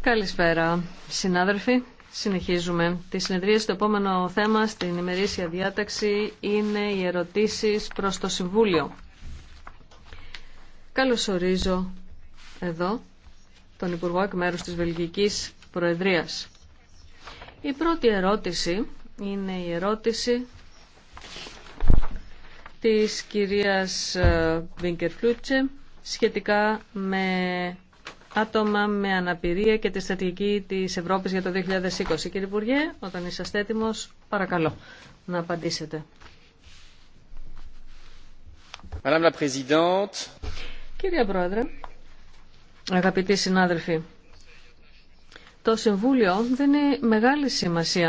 Καλησπέρα, συνάδελφοι. Συνεχίζουμε. Τη συνεδρία στο επόμενο θέμα στην ημερήσια διάταξη είναι οι ερωτήσεις προς το Συμβούλιο. Καλωσορίζω εδώ τον Υπουργό εκ μέρους της Βελγικής Προεδρίας. Η πρώτη ερώτηση είναι η ερώτηση της κυρίας ε, Βίνκερ Φλούτσε σχετικά με άτομα με αναπηρία και τη στρατηγική της Ευρώπης για το 2020. Κύριε Υπουργέ, όταν είσαστε έτοιμος, παρακαλώ να απαντήσετε. Madame Κυρία Πρόεδρε, αγαπητοί συνάδελφοι, το Συμβούλιο δίνει μεγάλη σημασία